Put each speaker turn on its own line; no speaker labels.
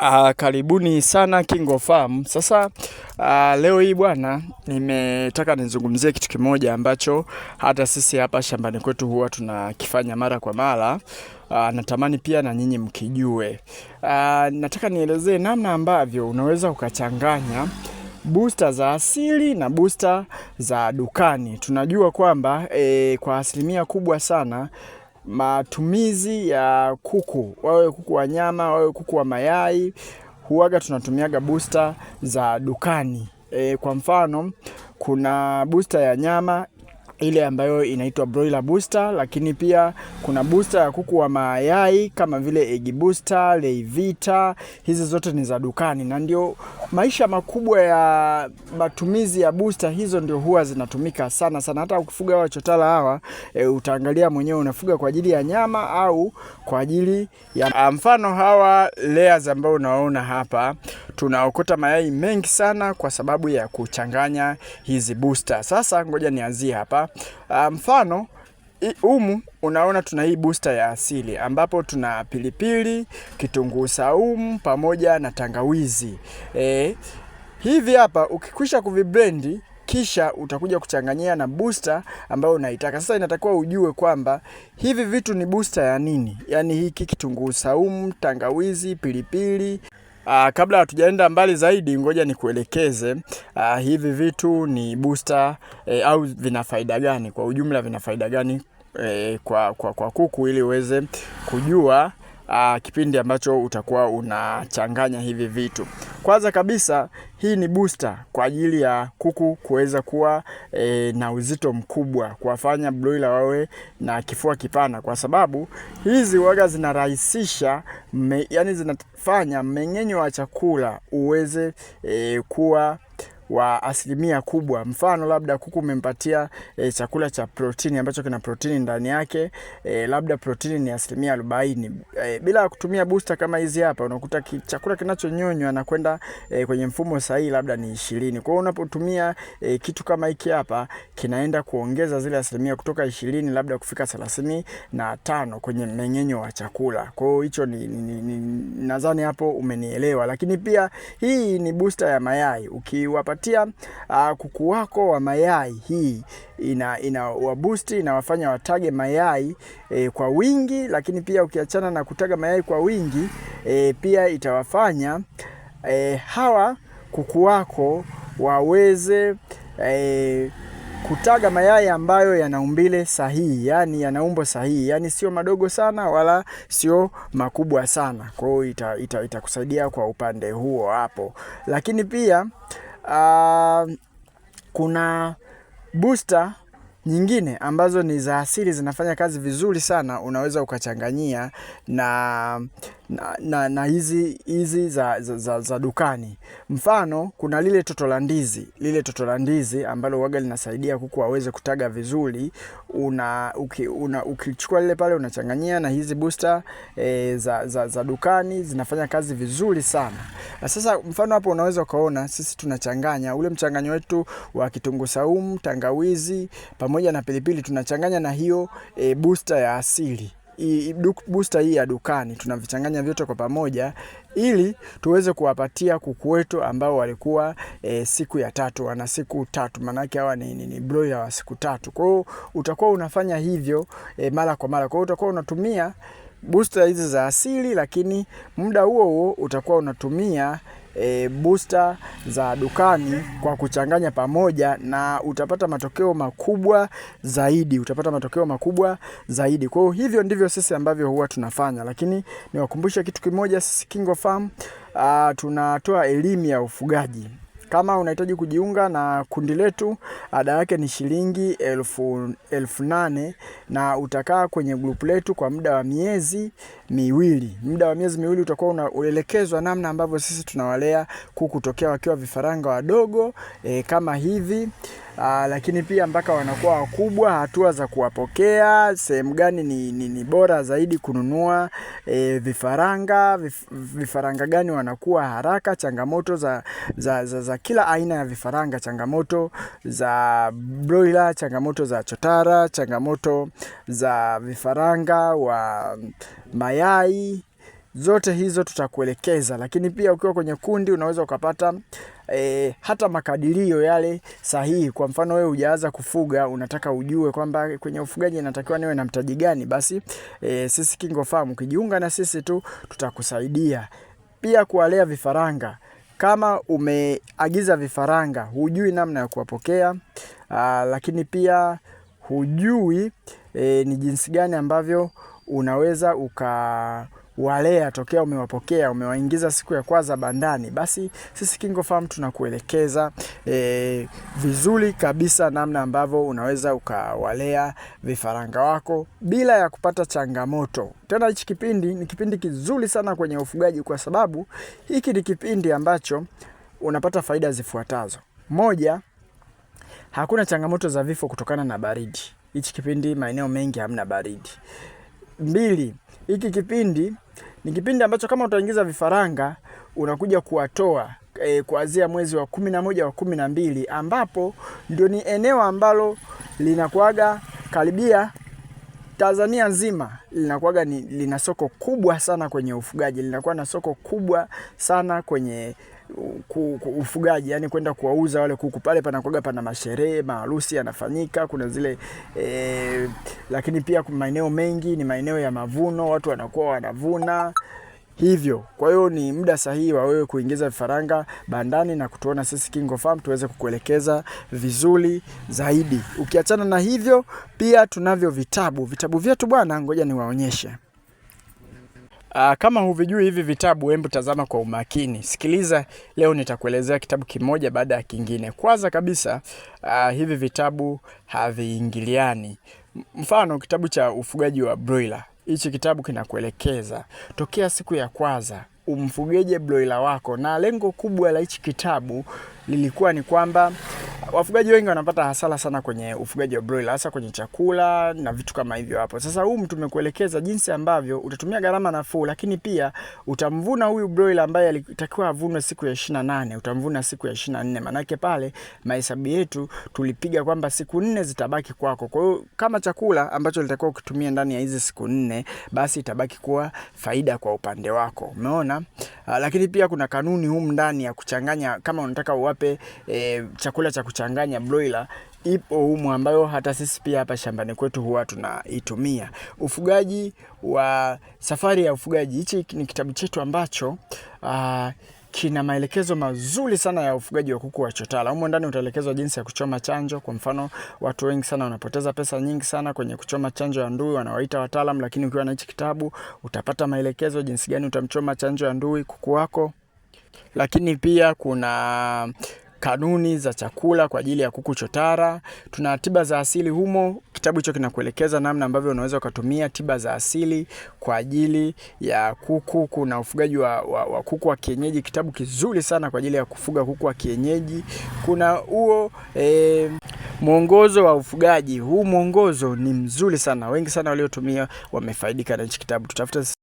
Uh, karibuni sana farm Sasa uh, leo hii bwana, nimetaka nizungumzie kitu kimoja ambacho hata sisi hapa shambani kwetu huwa tunakifanya mara kwa mara. Uh, natamani pia na nyinyi mkijue. Uh, nataka nielezee namna ambavyo unaweza ukachanganya booster za asili na booster za dukani. Tunajua kwamba e, kwa asilimia kubwa sana matumizi ya kuku, wawe kuku wa nyama, wawe kuku wa mayai, huaga tunatumiaga booster za dukani. E, kwa mfano kuna booster ya nyama ile ambayo inaitwa broiler booster, lakini pia kuna booster ya kuku wa mayai kama vile egg booster, Levita. Hizi zote ni za dukani na ndio maisha makubwa ya matumizi ya booster hizo, ndio huwa zinatumika sana sana. Hata ukifuga hawa chotara hawa e, utaangalia mwenyewe unafuga kwa ajili ya nyama au kwa ajili ya mfano hawa layers ambao unaona hapa tunaokota mayai mengi sana kwa sababu ya kuchanganya hizi booster. Sasa ngoja nianzie hapa ah, mfano um, humu unaona tuna hii booster ya asili ambapo tuna pilipili, kitunguu saumu pamoja na tangawizi e, hivi hapa ukikwisha kuviblendi kisha utakuja kuchanganyia na booster ambayo unaitaka. Sasa inatakiwa ujue kwamba hivi vitu ni booster ya nini, yaani hiki kitunguu saumu, tangawizi, pilipili Uh, kabla hatujaenda mbali zaidi, ngoja nikuelekeze uh, hivi vitu ni booster eh, au vina faida gani kwa ujumla, vina faida gani eh, kwa, kwa, kwa kuku ili uweze kujua uh, kipindi ambacho utakuwa unachanganya hivi vitu. Kwanza kabisa hii ni booster kwa ajili ya kuku kuweza kuwa e, na uzito mkubwa, kuwafanya broiler wawe na kifua kipana, kwa sababu hizi waga zinarahisisha yani zinafanya mmeng'enyo wa chakula uweze e, kuwa wa asilimia kubwa. Mfano labda kuku umempatia e, chakula cha protini ambacho kina protini ndani yake e, labda protini ni asilimia arobaini e, bila kutumia booster kama hizi hapa, unakuta ki, chakula kinachonyonywa na kwenda e, kwenye mfumo sahihi labda ni ishirini. Kwa hiyo unapotumia e, kitu kama hiki hapa kinaenda kuongeza zile asilimia kutoka ishirini labda kufika thelathini na tano kwenye mmeng'enyo wa chakula. Kwa hiyo hicho ni, ni, ni, ni, nadhani hapo umenielewa, lakini pia hii ni booster ya mayai ukiwapa kuwapatia uh, kuku wako wa mayai, hii ina, ina wabusti inawafanya watage mayai e, kwa wingi, lakini pia ukiachana na kutaga mayai kwa wingi e, pia itawafanya e, hawa kuku wako waweze e, kutaga mayai ambayo yana umbile sahihi, yani yana umbo sahihi, yani sio madogo sana wala sio makubwa sana. Kwa hiyo itakusaidia ita, ita kwa upande huo hapo, lakini pia uh, kuna booster nyingine ambazo ni za asili zinafanya kazi vizuri sana, unaweza ukachanganyia na na, na, na hizi hizi za, za, za, za dukani. Mfano kuna lile toto la ndizi, lile toto la ndizi ambalo waga linasaidia kuku waweze kutaga vizuri. Una ukichukua lile pale unachanganyia na hizi booster e, za, za, za dukani zinafanya kazi vizuri sana. Na sasa mfano hapo unaweza ukaona sisi tunachanganya ule mchanganyo wetu wa kitunguu saumu, tangawizi pamoja na pilipili tunachanganya na hiyo e, booster ya asili busta booster hii ya dukani tunavichanganya vyote kwa pamoja ili tuweze kuwapatia kuku wetu ambao walikuwa e, siku ya tatu wana siku tatu, maanake hawa ni, ni, ni broiler wa siku tatu. Kwa hiyo utakuwa unafanya hivyo e, mara kwa mara. Kwa hiyo utakuwa unatumia booster hizi za asili, lakini muda huo huo utakuwa unatumia e, booster za dukani kwa kuchanganya pamoja, na utapata matokeo makubwa zaidi, utapata matokeo makubwa zaidi. Kwa hiyo hivyo ndivyo sisi ambavyo huwa tunafanya, lakini niwakumbushe kitu kimoja, sisi KingoFarm uh, tunatoa elimu ya ufugaji. Kama unahitaji kujiunga na kundi letu, ada yake ni shilingi elfu, elfu nane na utakaa kwenye grupu letu kwa muda wa miezi miwili. Muda wa miezi miwili utakuwa unaelekezwa namna ambavyo sisi tunawalea kuku tokea wakiwa vifaranga wadogo e, kama hivi. Aa, lakini pia mpaka wanakuwa wakubwa, hatua za kuwapokea, sehemu gani ni, ni, ni bora zaidi kununua e, vifaranga vif, vifaranga gani wanakuwa haraka, changamoto za, za, za, za kila aina ya vifaranga, changamoto za broiler, changamoto za chotara, changamoto za vifaranga wa mayai zote hizo tutakuelekeza, lakini pia ukiwa kwenye kundi unaweza ukapata e, hata makadirio yale sahihi. Kwa mfano wewe hujaanza kufuga, unataka ujue kwamba kwenye ufugaji inatakiwa niwe na mtaji gani, basi e, sisi KingoFarm ukijiunga na sisi tu tutakusaidia pia kuwalea vifaranga. Kama umeagiza vifaranga, hujui namna ya kuwapokea, ah, lakini pia hujui eh, ni jinsi gani ambavyo unaweza uka walea tokea umewapokea umewaingiza siku ya kwanza bandani, basi sisi KingoFarm tunakuelekeza e, vizuri kabisa namna ambavyo unaweza ukawalea vifaranga wako bila ya kupata changamoto. Tena hichi kipindi ni kipindi kizuri sana kwenye ufugaji, kwa sababu hiki ni kipindi ambacho unapata faida zifuatazo. Moja, hakuna changamoto za vifo kutokana na baridi. Hichi kipindi maeneo mengi hamna baridi. Mbili, hiki kipindi ni kipindi ambacho kama utaingiza vifaranga unakuja kuwatoa e, kuanzia mwezi wa kumi na moja wa kumi na mbili ambapo ndio ni eneo ambalo linakuaga karibia Tanzania nzima linakuwaga ni, lina soko kubwa sana kwenye ufugaji, linakuwa na soko kubwa sana kwenye ku, ku, ufugaji, yani kwenda kuwauza wale kuku pale. Panakuwaga pana masherehe, maharusi yanafanyika, kuna zile e, lakini pia maeneo mengi ni maeneo ya mavuno, watu wanakuwa wanavuna hivyo. Kwa hiyo ni muda sahihi wa wewe kuingiza vifaranga bandani na kutuona sisi Farm tuweze kukuelekeza vizuri zaidi. Ukiachana na hivyo, pia tunavyo vitabu. Vitabu vyetu bwana, ngoja niwaonyeshe. Aa, ah, kama huvijui hivi vitabu, hebu tazama kwa umakini, sikiliza. Leo nitakuelezea kitabu kimoja baada ya kingine. Kwanza kabisa, aa, ah, hivi vitabu haviingiliani. Mfano, kitabu cha ufugaji wa broiler hichi kitabu kinakuelekeza tokea siku ya kwanza umfugeje broila wako, na lengo kubwa la hichi kitabu lilikuwa ni kwamba wafugaji wengi wanapata hasara sana kwenye ufugaji wa broiler, hasa kwenye chakula na vitu kama hivyo hapo. Sasa huu mtu umekuelekeza jinsi ambavyo utatumia gharama nafuu, lakini pia utamvuna huyu broiler ambaye alitakiwa avunwe siku ya 28, utamvuna siku ya 24. Manake pale mahesabu yetu tulipiga kwamba siku nne zitabaki kwako. Kwa hiyo kama chakula ambacho litakuwa ukitumia ndani ya hizi siku nne, basi itabaki kuwa faida kwa upande wako. Umeona? Ah, lakini pia kuna kanuni humu ndani ya kuchanganya kama unataka uwape chape e, chakula cha kuchanganya broiler ipo humu ambayo hata sisi pia hapa shambani kwetu huwa tunaitumia. Ufugaji wa safari ya ufugaji, hichi ni kitabu chetu ambacho aa, kina maelekezo mazuri sana ya ufugaji wa kuku wa chotara. Humo ndani utaelekezwa jinsi ya kuchoma chanjo. Kwa mfano, watu wengi sana wanapoteza pesa nyingi sana kwenye kuchoma chanjo ya ndui, wanawaita wataalamu, lakini ukiwa na hichi kitabu utapata maelekezo jinsi gani utamchoma chanjo ya ndui kuku wako. Lakini pia kuna kanuni za chakula kwa ajili ya kuku chotara. Tuna tiba za asili humo, kitabu hicho kinakuelekeza namna ambavyo unaweza ukatumia tiba za asili kwa ajili ya kuku. Kuna ufugaji wa, wa, wa kuku wa kienyeji, kitabu kizuri sana kwa ajili ya kufuga kuku wa kienyeji. Kuna huo e, mwongozo wa ufugaji. Huu mwongozo ni mzuri sana, wengi sana waliotumia wamefaidika na hichi kitabu. Tutafuta